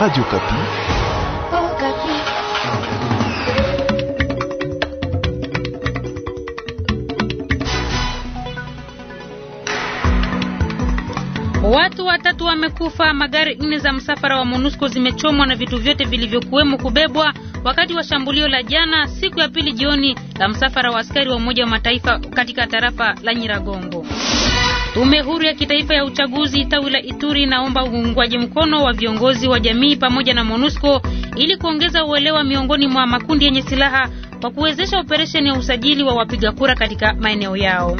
Radio Kapi. Oh, Kapi. Watu watatu wamekufa, magari nne za msafara wa MONUSCO zimechomwa na vitu vyote vilivyokuwemo kubebwa wakati wa shambulio la jana siku ya pili jioni la msafara wa askari wa Umoja wa Mataifa katika tarafa la Nyiragongo. Tume huru ya kitaifa ya uchaguzi tawi la Ituri inaomba uungwaji mkono wa viongozi wa jamii pamoja na MONUSCO ili kuongeza uelewa miongoni mwa makundi yenye silaha kwa kuwezesha operesheni ya usajili wa wapiga kura katika maeneo yao.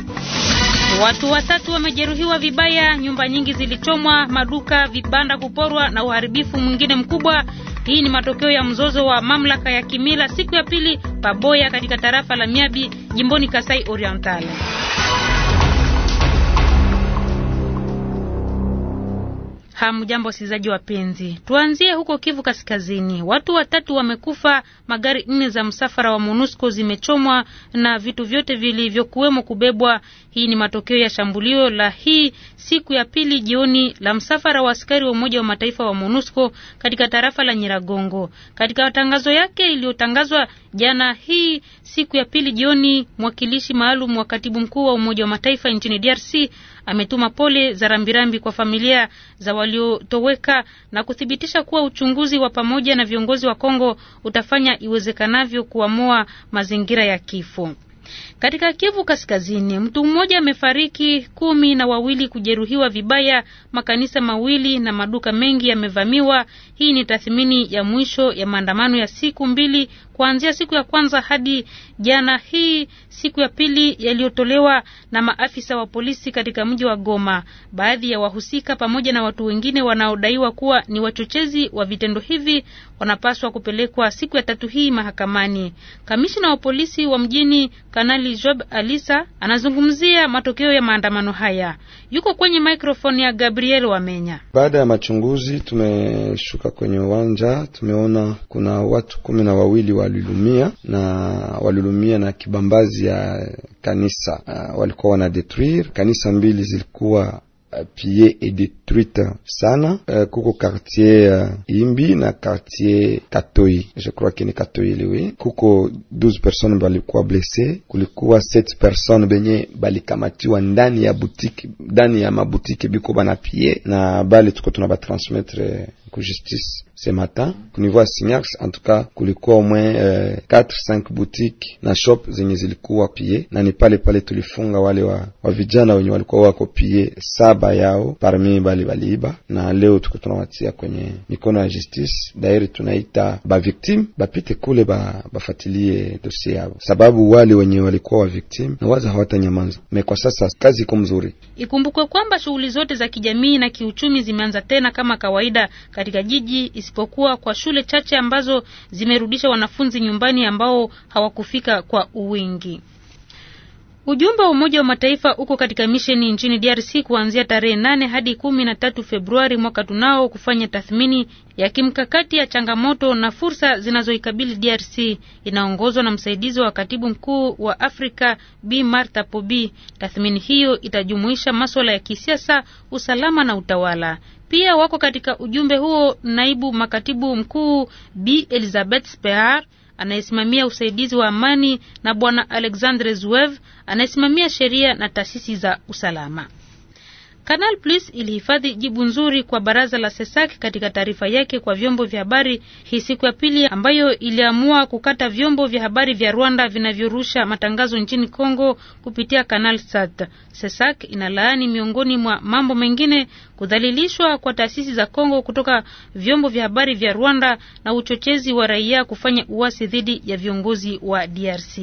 Watu watatu wamejeruhiwa vibaya, nyumba nyingi zilichomwa, maduka, vibanda kuporwa na uharibifu mwingine mkubwa. Hii ni matokeo ya mzozo wa mamlaka ya kimila siku ya pili Paboya katika tarafa la Miabi jimboni Kasai Oriental. Hamjambo wasikilizaji wapenzi, tuanzie huko Kivu Kaskazini. Watu watatu wamekufa, magari nne za msafara wa MONUSCO zimechomwa na vitu vyote vilivyokuwemo kubebwa. Hii ni matokeo ya shambulio la hii siku ya pili jioni la msafara wa askari wa Umoja wa Mataifa wa MONUSCO katika tarafa la Nyiragongo. Katika tangazo yake iliyotangazwa jana hii siku ya pili jioni, mwakilishi maalum wa katibu mkuu wa Umoja wa Mataifa nchini DRC ametuma pole za rambirambi kwa familia za waliotoweka na kuthibitisha kuwa uchunguzi wa pamoja na viongozi wa Kongo utafanya iwezekanavyo kuamua mazingira ya kifo. Katika Kivu Kaskazini, mtu mmoja amefariki, kumi na wawili kujeruhiwa vibaya, makanisa mawili na maduka mengi yamevamiwa. Hii ni tathmini ya mwisho ya maandamano ya siku mbili kuanzia siku ya kwanza hadi jana hii siku ya pili, yaliyotolewa na maafisa wa polisi katika mji wa Goma. Baadhi ya wahusika pamoja na watu wengine wanaodaiwa kuwa ni wachochezi wa vitendo hivi wanapaswa kupelekwa siku ya tatu hii mahakamani. Kamishina wa polisi wa mjini Kanali Job Alisa anazungumzia matokeo ya maandamano haya, yuko kwenye maikrofoni ya Gabriel Wamenya. Baada ya machunguzi, tumeshuka kwenye uwanja, tumeona kuna watu kumi na wawili walilumia na walilumia na kibambazi ya kanisa. Uh, walikuwa wana detruire kanisa mbili zilikuwa ah, pie et détruite sana uh, kuko quartier uh, Imbi na quartier Katoi, je crois que ni Katoi liwe. Kuko 12 personnes balikuwa blesse, kulikuwa 7 personnes benye balikamatiwa ndani ya boutique, ndani ya maboutique biko bana pie na bali tuko tuna batransmettre ku justice ce matin kunivua Simiax En tout cas kulikuwa umwe 4 5 boutique na shop zenye zilikuwa pie, na ni pale pale tulifunga wale wa, wa vijana wenye walikuwa wako pie saba yao parmi bali baliiba, na leo tuko tunawatia kwenye mikono ya justice. Dairi tunaita ba victime bapite kule ba bafatilie dosie yao, sababu wale wenye walikuwa wa victime na waza hawatanyamaza me. Kwa sasa kazi iko mzuri. Ikumbukwe kwamba shughuli zote za kijamii na kiuchumi zimeanza tena kama kawaida katika jiji isipokuwa kwa shule chache ambazo zimerudisha wanafunzi nyumbani ambao hawakufika kwa uwingi. Ujumbe wa Umoja wa Mataifa uko katika misheni nchini DRC kuanzia tarehe nane hadi kumi na tatu Februari mwaka tunao kufanya tathmini ya kimkakati ya changamoto na fursa zinazoikabili DRC. Inaongozwa na msaidizi wa katibu mkuu wa Afrika B Martha Pobi. Tathmini hiyo itajumuisha masuala ya kisiasa, usalama na utawala. Pia wako katika ujumbe huo naibu makatibu mkuu B Elizabeth Spear anayesimamia usaidizi wa amani na bwana Alexandre Zuev anayesimamia sheria na taasisi za usalama. Canal Plus ilihifadhi jibu nzuri kwa baraza la SESAK katika taarifa yake kwa vyombo vya habari hii siku ya pili, ambayo iliamua kukata vyombo vya habari vya Rwanda vinavyorusha matangazo nchini Kongo kupitia Canal Sat. SESAK inalaani miongoni mwa mambo mengine kudhalilishwa kwa taasisi za Kongo kutoka vyombo vya habari vya Rwanda na uchochezi wa raia kufanya uasi dhidi ya viongozi wa DRC.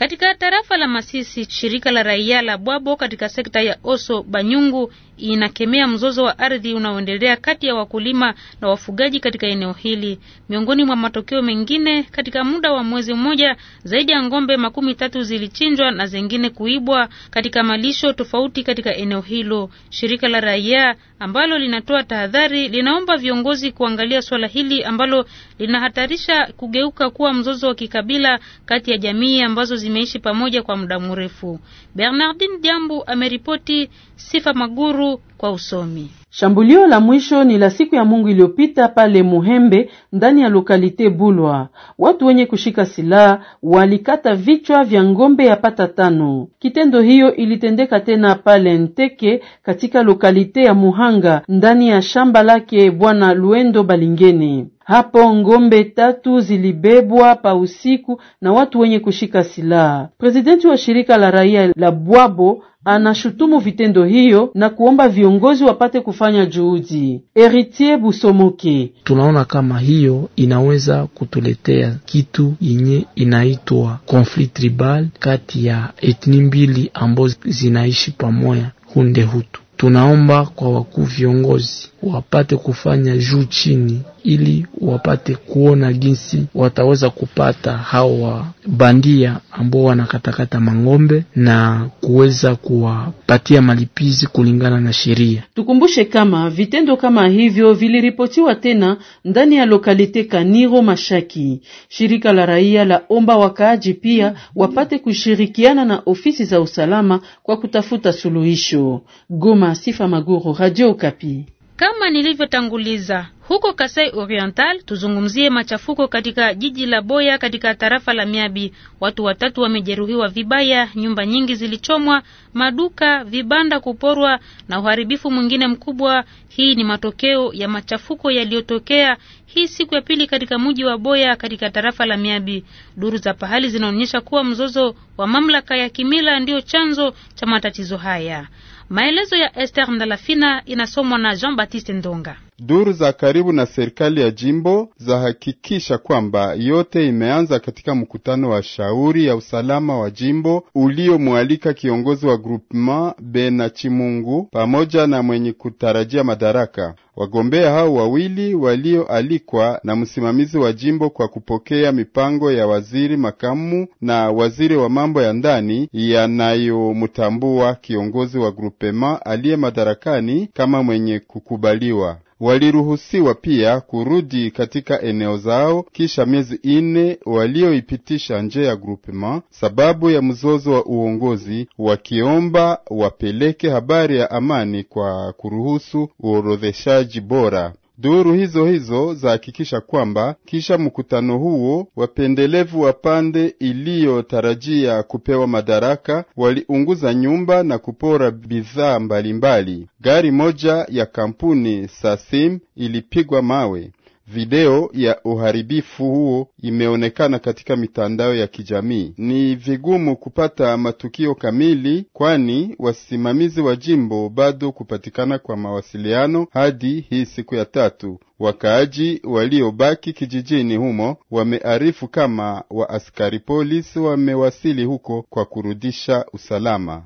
Katika tarafa la Masisi, shirika la raia la Bwabo katika sekta ya Oso Banyungu inakemea mzozo wa ardhi unaoendelea kati ya wakulima na wafugaji katika eneo hili. Miongoni mwa matokeo mengine, katika muda wa mwezi mmoja, zaidi ya ngombe makumi tatu zilichinjwa na zingine kuibwa katika malisho tofauti katika eneo hilo. Shirika la raia ambalo linatoa tahadhari linaomba viongozi kuangalia swala hili ambalo linahatarisha kugeuka kuwa mzozo wa kikabila kati ya jamii ambazo zimeishi pamoja kwa muda mrefu. Bernardine Jambu ameripoti Sifa Maguru. muito tipo, kwa usomi. Shambulio la mwisho ni la siku ya Mungu iliyopita pale Muhembe ndani ya lokalite Bulwa. Watu wenye kushika silaha walikata vichwa vya ngombe pata tano. Kitendo hiyo ilitendeka tena pale Nteke katika lokalite ya Muhanga ndani ya shamba lake Bwana Luendo Balingene. Hapo ngombe tatu zilibebwa pa usiku na watu wenye kushika silaha. Presidenti wa shirika la raia la Bwabo anashutumu vitendo hiyo na kuomba vio viongozi wapate kufanya juhudi. eritier Busomoke: tunaona kama hiyo inaweza kutuletea kitu yenye inaitwa konfli tribal kati ya etni mbili ambazo zinaishi pamoja, hunde hutu Tunaomba kwa wakuu viongozi wapate kufanya juu chini, ili wapate kuona jinsi wataweza kupata hawa bandia ambao wanakatakata mang'ombe na kuweza kuwapatia malipizi kulingana na sheria. Tukumbushe kama vitendo kama hivyo viliripotiwa tena ndani ya lokalite Kaniro Mashaki. Shirika la raia la omba wakaaji pia wapate kushirikiana na ofisi za usalama kwa kutafuta suluhisho. Goma Sifa Maguru, Radio Kapi. Kama nilivyotanguliza huko Kasai Oriental, tuzungumzie machafuko katika jiji la Boya katika tarafa la Miabi. Watu watatu wamejeruhiwa vibaya, nyumba nyingi zilichomwa, maduka, vibanda kuporwa na uharibifu mwingine mkubwa. Hii ni matokeo ya machafuko yaliyotokea hii siku ya pili katika mji wa Boya katika tarafa la Miabi. Duru za pahali zinaonyesha kuwa mzozo wa mamlaka ya kimila ndiyo chanzo cha matatizo haya. Maelezo ya Esther Ndalafina inasomwa na Jean Baptiste Ndonga. Duru za karibu na serikali ya jimbo zahakikisha kwamba yote imeanza katika mkutano wa shauri ya usalama wa jimbo uliomwalika kiongozi wa groupement Bena Chimungu pamoja na mwenye kutarajia madaraka. Wagombea hao wawili walioalikwa na msimamizi wa jimbo kwa kupokea mipango ya waziri makamu na waziri wa mambo ya ndani yanayomtambua kiongozi wa groupement aliye madarakani kama mwenye kukubaliwa waliruhusiwa pia kurudi katika eneo zao kisha miezi ine walioipitisha nje ya grupema sababu ya mzozo wa uongozi, wakiomba wapeleke habari ya amani kwa kuruhusu uorodheshaji bora. Duru hizo hizo zahakikisha kwamba kisha mkutano huo wapendelevu wa pande iliyotarajia kupewa madaraka waliunguza nyumba na kupora bidhaa mbalimbali. Gari moja ya kampuni Sasim ilipigwa mawe. Video ya uharibifu huo imeonekana katika mitandao ya kijamii. Ni vigumu kupata matukio kamili, kwani wasimamizi wa jimbo bado kupatikana kwa mawasiliano hadi hii siku ya tatu. Wakaaji waliobaki kijijini humo wamearifu kama waaskari polisi wamewasili huko kwa kurudisha usalama.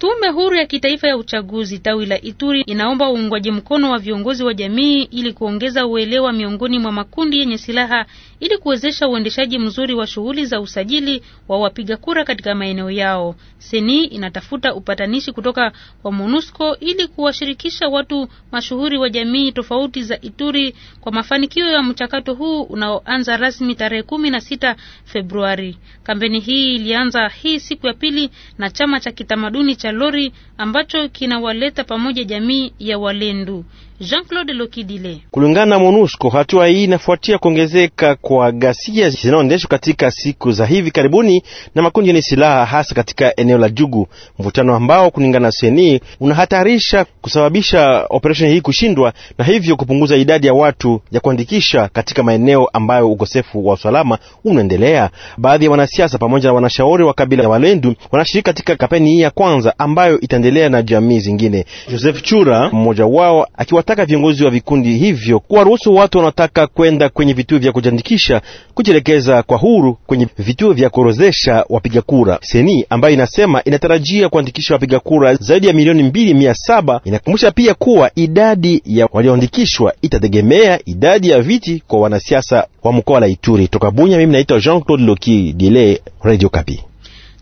Tume huru ya kitaifa ya uchaguzi tawi la Ituri inaomba uungwaji mkono wa viongozi wa jamii ili kuongeza uelewa miongoni mwa makundi yenye silaha ili kuwezesha uendeshaji mzuri wa shughuli za usajili wa wapiga kura katika maeneo yao. Seni inatafuta upatanishi kutoka kwa MONUSCO ili kuwashirikisha watu mashuhuri wa jamii tofauti za Ituri kwa mafanikio ya mchakato huu unaoanza rasmi tarehe kumi na sita Februari. Kampeni hii ilianza hii siku ya pili na chama cha kitamaduni cha cha lori ambacho kinawaleta pamoja jamii ya Walendu. Jean-Claude Lokidile. Kulingana na MONUSCO, hatua hii inafuatia kuongezeka kwa ghasia zinazoendeshwa katika siku za hivi karibuni na makundi yenye silaha hasa katika eneo la Jugu, mvutano ambao kulingana na CENI unahatarisha kusababisha operesheni hii kushindwa na hivyo kupunguza idadi ya watu ya kuandikisha katika maeneo ambayo ukosefu wa usalama unaendelea. Baadhi ya wanasiasa pamoja na wanashauri wa kabila ya Walendu wanashiriki katika kampeni hii ya kwanza ambayo itaendelea na jamii zingine. Joseph Chura mmoja wao akiwataka viongozi wa vikundi hivyo kuwaruhusu watu wanaotaka kwenda kwenye vituo vya kujiandikisha kujielekeza kwa huru kwenye vituo vya kuorozesha wapiga kura. Seni ambayo inasema inatarajia kuandikisha wapiga kura zaidi ya milioni mbili mia saba inakumbusha pia kuwa idadi ya walioandikishwa itategemea idadi ya viti kwa wanasiasa wa mkoa la Ituri. Toka Bunya, mimi naitwa Jean Claude Loki Dile, Radio Kapi.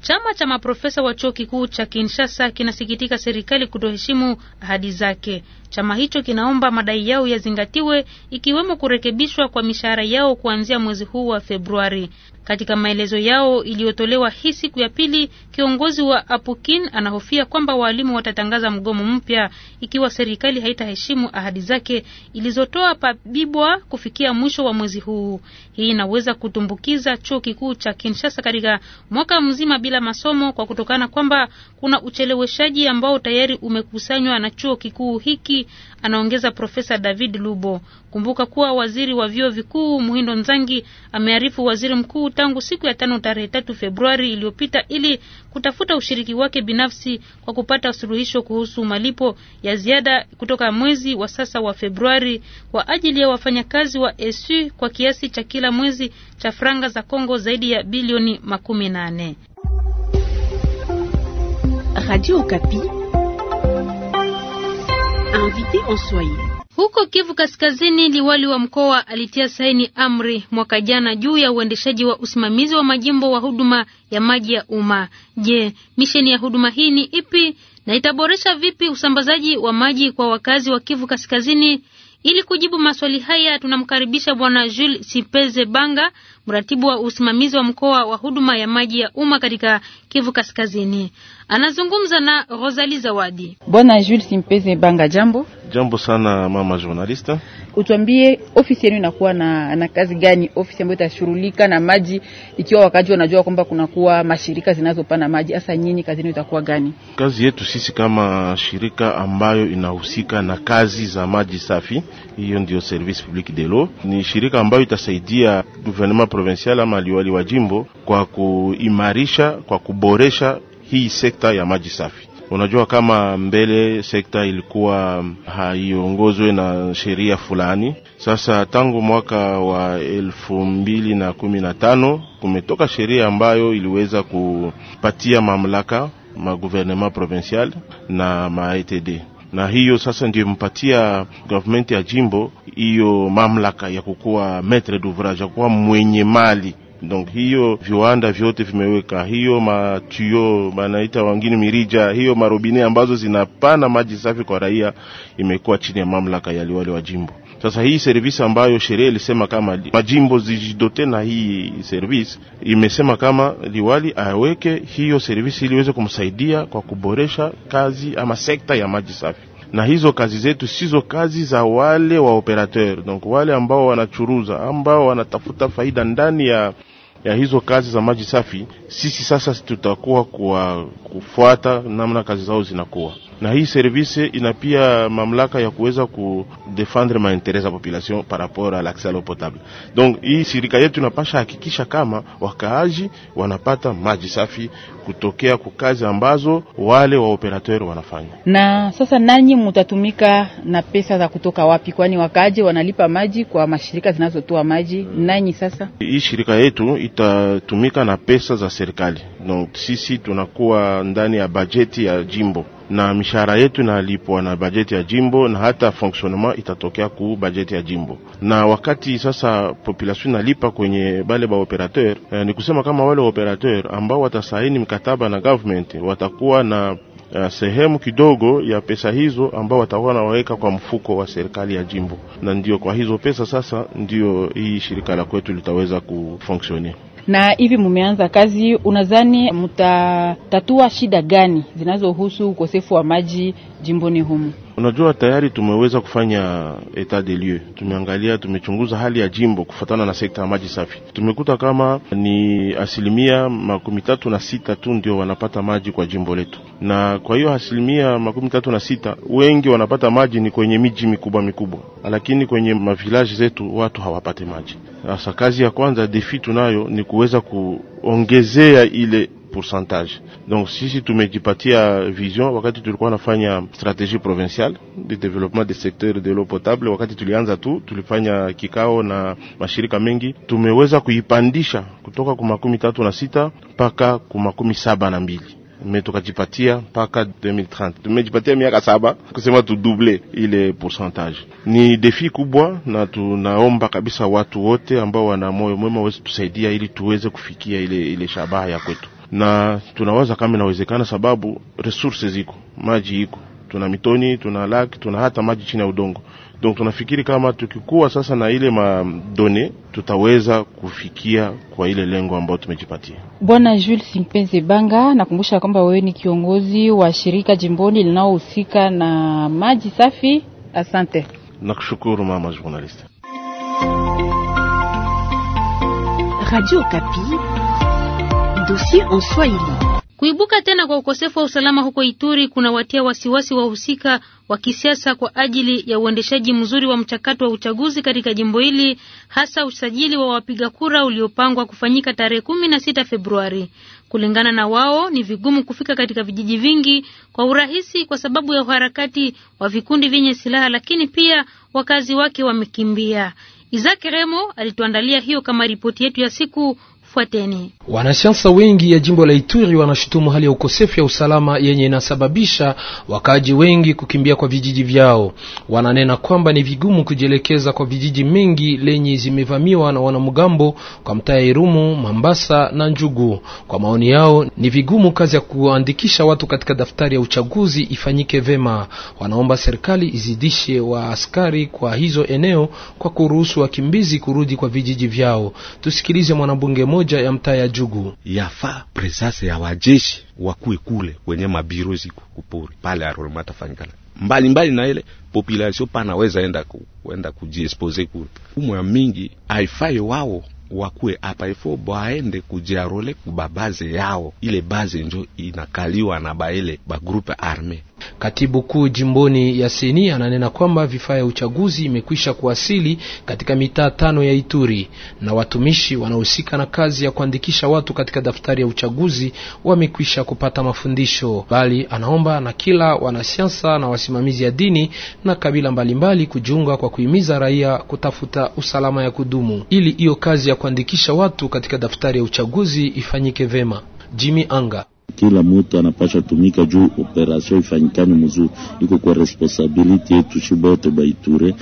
Chama cha maprofesa wa chuo kikuu cha Kinshasa kinasikitika serikali kutoheshimu ahadi zake. Chama hicho kinaomba madai yao yazingatiwe, ikiwemo kurekebishwa kwa mishahara yao kuanzia mwezi huu wa Februari. Katika maelezo yao iliyotolewa hii siku ya pili, kiongozi wa Apukin anahofia kwamba waalimu watatangaza mgomo mpya ikiwa serikali haitaheshimu ahadi zake ilizotoa Pabibwa kufikia mwisho wa mwezi huu. Hii inaweza kutumbukiza chuo kikuu cha Kinshasa katika mwaka mzima bila masomo kwa kutokana kwamba kuna ucheleweshaji ambao tayari umekusanywa na chuo kikuu hiki, anaongeza Profesa David Lubo. Kumbuka kuwa waziri wa vyuo vikuu Muhindo Nzangi amearifu waziri mkuu tangu siku ya tano tarehe tatu Februari iliyopita ili kutafuta ushiriki wake binafsi kwa kupata suluhisho kuhusu malipo ya ziada kutoka mwezi wa sasa wa Februari kwa ajili ya wafanyakazi wa ESU kwa kiasi cha kila mwezi cha franga za Kongo zaidi ya bilioni makumi nane. Radio Okapi invité en soirée huko Kivu Kaskazini, liwali wa mkoa alitia saini amri mwaka jana juu ya uendeshaji wa usimamizi wa majimbo wa huduma ya maji ya umma. Je, misheni ya huduma hii ni ipi na itaboresha vipi usambazaji wa maji kwa wakazi wa Kivu Kaskazini? Ili kujibu maswali haya tunamkaribisha Bwana Jules Sipeze Banga, mratibu wa usimamizi wa mkoa wa huduma ya maji ya umma katika Kivu Kaskazini. Anazungumza na Rosali Zawadi. Bwana Jules Simpeze Banga, jambo. Jambo sana mama journalista. Utwambie ofisi yenu inakuwa na, na kazi gani? Ofisi ambayo itashughulika na maji, ikiwa wakati wanajua kwamba kunakuwa mashirika zinazopana maji, hasa nyinyi kazi yenu itakuwa gani? Kazi yetu sisi kama shirika ambayo inahusika na kazi za maji safi, hiyo ndio Service Public de l'Eau, ni shirika ambayo itasaidia gouvernement provincial ama liwali wa jimbo kwa kuimarisha, kwa kuboresha hii sekta ya maji safi. Unajua kama mbele sekta ilikuwa haiongozwe na sheria fulani. Sasa tangu mwaka wa elfu mbili na kumi na tano kumetoka sheria ambayo iliweza kupatia mamlaka maguvernema provincial na maetd na hiyo sasa ndio impatia government ya jimbo hiyo mamlaka ya kukuwa maitre d'ouvrage, ya kukuwa mwenye mali donc hiyo viwanda vyote vimeweka hiyo matuyo banaita wangini mirija, hiyo marobine ambazo zinapana maji safi kwa raia, imekuwa chini ya mamlaka ya liwali wa jimbo. Sasa hii service ambayo sheria ilisema kama majimbo zijidote na hii service imesema kama liwali aweke hiyo service ili iweze kumsaidia kwa kuboresha kazi ama sekta ya maji safi na hizo kazi zetu sizo kazi za wale wa operateur, donc wale ambao wanachuruza, ambao wanatafuta faida ndani ya ya hizo kazi za maji safi, sisi sasa tutakuwa kwa kufuata namna kazi zao zinakuwa na hii service ina pia mamlaka ya kuweza ku ma maentere ya population par rapport à l'accès à l'eau potable. Donc hii shirika yetu inapasha hakikisha kama wakaaji wanapata maji safi kutokea kwa kazi ambazo wale wa operateur wanafanya. Na sasa nanyi mutatumika na pesa za kutoka wapi? Kwani wakaaji wanalipa maji kwa mashirika zinazotoa maji, hmm. nanyi sasa hii shirika yetu itatumika na pesa za serikali. Donc sisi tunakuwa ndani ya bajeti ya jimbo na mishahara yetu inalipwa na bajeti ya jimbo na hata fonctionnement itatokea ku bajeti ya jimbo. Na wakati sasa population inalipa kwenye bale ba operateur eh, ni kusema kama wale operateur ambao watasaini mkataba na government watakuwa na Uh, sehemu kidogo ya pesa hizo ambao watakuwa nawaweka kwa mfuko wa serikali ya jimbo, na ndio kwa hizo pesa sasa ndio hii shirika la kwetu litaweza kufonctionner. Na hivi mumeanza kazi, unadhani mutatatua shida gani zinazohusu ukosefu wa maji jimboni humu? Unajua, tayari tumeweza kufanya etat de lieu, tumeangalia, tumechunguza hali ya jimbo kufuatana na sekta ya maji safi. Tumekuta kama ni asilimia makumi tatu na sita tu ndio wanapata maji kwa jimbo letu, na kwa hiyo asilimia makumi tatu na sita wengi wanapata maji ni kwenye miji mikubwa mikubwa, lakini kwenye mavilaji zetu watu hawapate maji. Sasa kazi ya kwanza defi tunayo ni kuweza kuongezea ile pourcentage. Donc sisi tumejipatia vision wakati tulikuwa nafanya strategie provinciale de développement des secteur de l'eau potable. Wakati tulianza tu tulifanya kikao na mashirika mengi, tumeweza kuipandisha kutoka ku makumi tatu na sita mpaka ku makumi saba na mbili me tukajipatia mpaka 2030 tumejipatia miaka saba kusema tuduble ile pourcentage. Ni defi kubwa, na tunaomba kabisa watu wote ambao wana moyo mwema waweze tusaidia ili tuweze kufikia ile, ile shabaha ya kwetu na tunawaza kama inawezekana, sababu resources ziko, maji iko, tuna mitoni, tuna laki, tuna hata maji chini ya udongo. Donc tunafikiri kama tukikuwa sasa na ile madone tutaweza kufikia kwa ile lengo ambayo tumejipatia. Bwana Jules Simpenze Banga, nakumbusha kwamba wewe ni kiongozi wa shirika jimboni linalohusika na maji safi. Asante. Nakushukuru mama journalist Radio Kapi dossier en Swahili. Kuibuka tena kwa ukosefu wa usalama huko Ituri kuna watia wasiwasi wahusika wa kisiasa kwa ajili ya uendeshaji mzuri wa mchakato wa uchaguzi katika jimbo hili, hasa usajili wa wapiga kura uliopangwa kufanyika tarehe kumi na sita Februari. Kulingana na wao, ni vigumu kufika katika vijiji vingi kwa urahisi kwa sababu ya uharakati wa vikundi vyenye silaha, lakini pia wakazi wake wamekimbia. Isaac Remo alituandalia hiyo kama ripoti yetu ya siku Fuateni. Wanasiasa wengi ya jimbo la Ituri wanashutumu hali ya ukosefu ya usalama yenye inasababisha wakaaji wengi kukimbia kwa vijiji vyao. Wananena kwamba ni vigumu kujielekeza kwa vijiji mengi lenye zimevamiwa na wanamgambo kwa mtaa ya Irumu, Mambasa na Njugu. Kwa maoni yao, ni vigumu kazi ya kuandikisha watu katika daftari ya uchaguzi ifanyike vema. Wanaomba serikali izidishe wa askari kwa hizo eneo kwa kuruhusu wakimbizi kurudi kwa vijiji vyao. Tusikilize mwanabunge moja ya mtaa ya Jugu, yafaa presase ya wajeshi wakuwe kule kwenye mabiro ziko kupori pale arolema tafanyikala mbalimbali na ile population weza enda ku, enda kujiexpose kule umwa mingi haifai wao wakuwe apa ifo baende kujiarole kubabaze yao ile baze njo inakaliwa na baele bagrupe arme Katibu kuu jimboni ya Seni ananena kwamba vifaa ya uchaguzi imekwisha kuwasili katika mitaa tano ya Ituri na watumishi wanaohusika na kazi ya kuandikisha watu katika daftari ya uchaguzi wamekwisha kupata mafundisho, bali anaomba na kila wanasiasa na wasimamizi ya dini na kabila mbalimbali kujiunga kwa kuhimiza raia kutafuta usalama ya kudumu ili hiyo kazi ya kuandikisha watu katika daftari ya uchaguzi ifanyike vema. Jimmy Anga kila mtu anapasha tumika juu operasyon ifanyikane mzuri, iko kwa responsibility yetu shibote baiture e,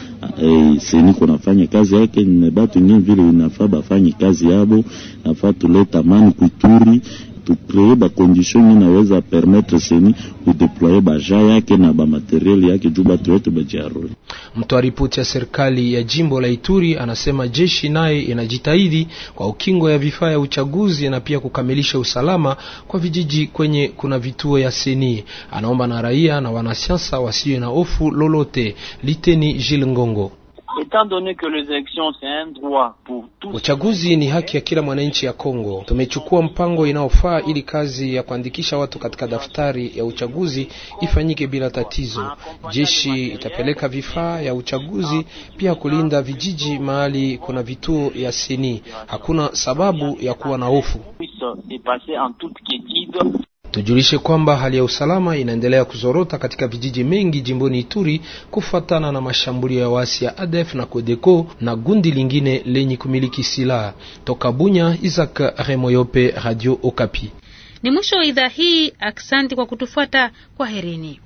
eh, seniko kazi yake nebatu ingine vile inafaa bafanye kazi yabo, nafaa tuleta amani kuituri tukree bakondisio nyi naweza permettre seni kudeploye baja yake na bamaterieli yake juu batu yote bajiarole. Mtoa ripoti ya serikali ya jimbo la Ituri anasema jeshi naye inajitahidi kwa ukingo ya vifaa ya uchaguzi na pia kukamilisha usalama kwa vijiji kwenye kuna vituo ya seni. Anaomba na raia na wanasiasa wasiwe na hofu lolote. Liteni Jil Ngongo. Uchaguzi ni haki ya kila mwananchi ya Kongo. Tumechukua mpango inayofaa ili kazi ya kuandikisha watu katika daftari ya uchaguzi ifanyike bila tatizo. Jeshi itapeleka vifaa ya uchaguzi pia kulinda vijiji mahali kuna vituo ya seni. Hakuna sababu ya kuwa na hofu. Tujulishe kwamba hali ya usalama inaendelea kuzorota katika vijiji mengi jimboni Ituri kufuatana na mashambulio ya waasi ya ADF na Kodeko na gundi lingine lenye kumiliki silaha toka Bunya. Isaac Remoyope, Radio Okapi. Ni mwisho wa idhaa hii. Aksanti kwa kutufuata. kwa herini